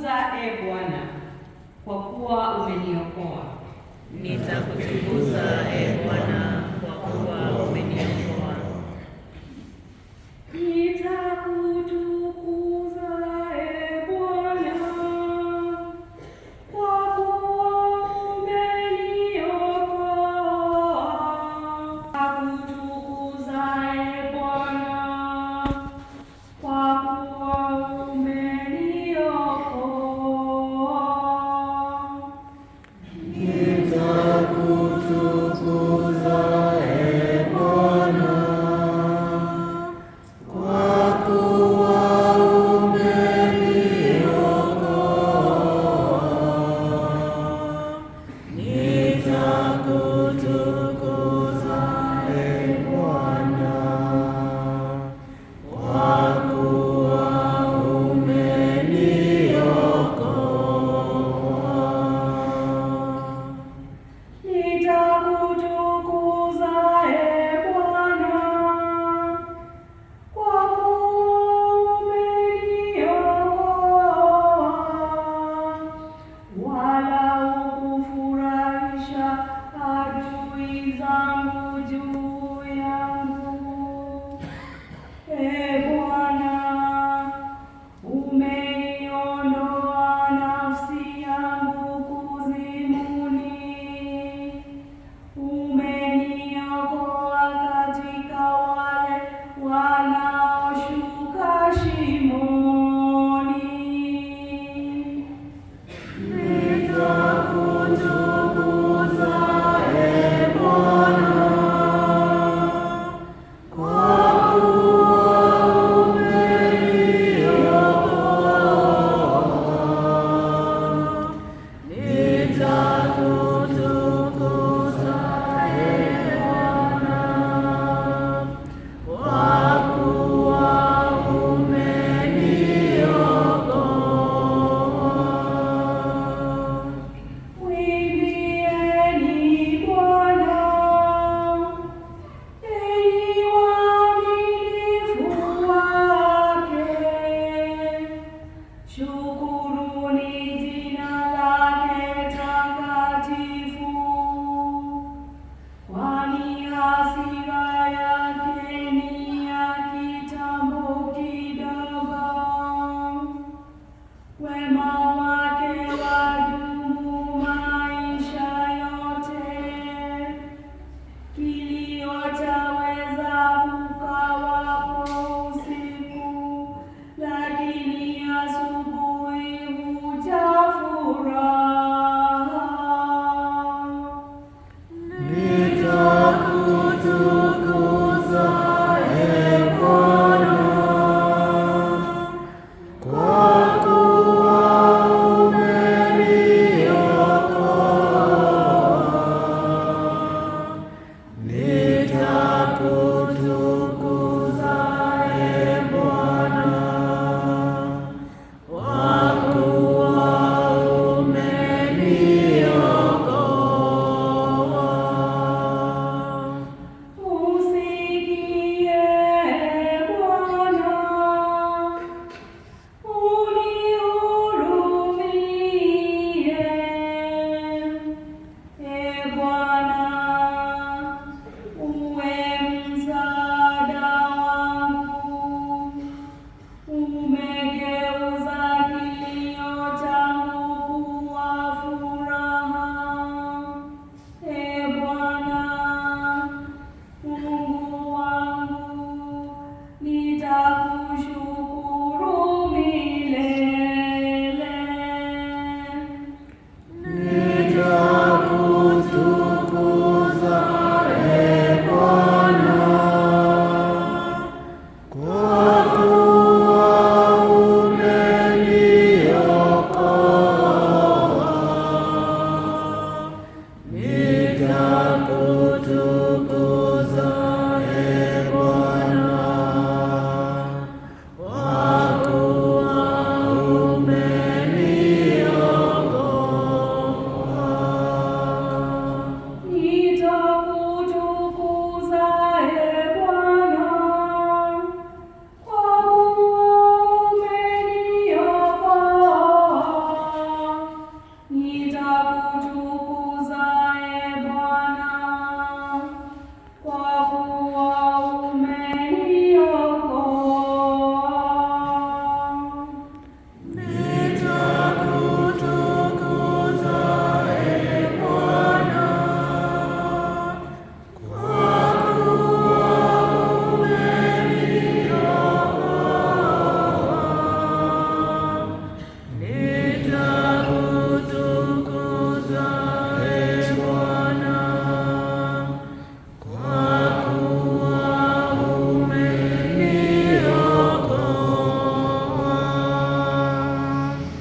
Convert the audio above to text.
Nitakutukuza e ee Bwana, kwa kuwa umeniokoa. Nitakutukuza e Bwana, kwa kuwa umeniokoa. o Diabo de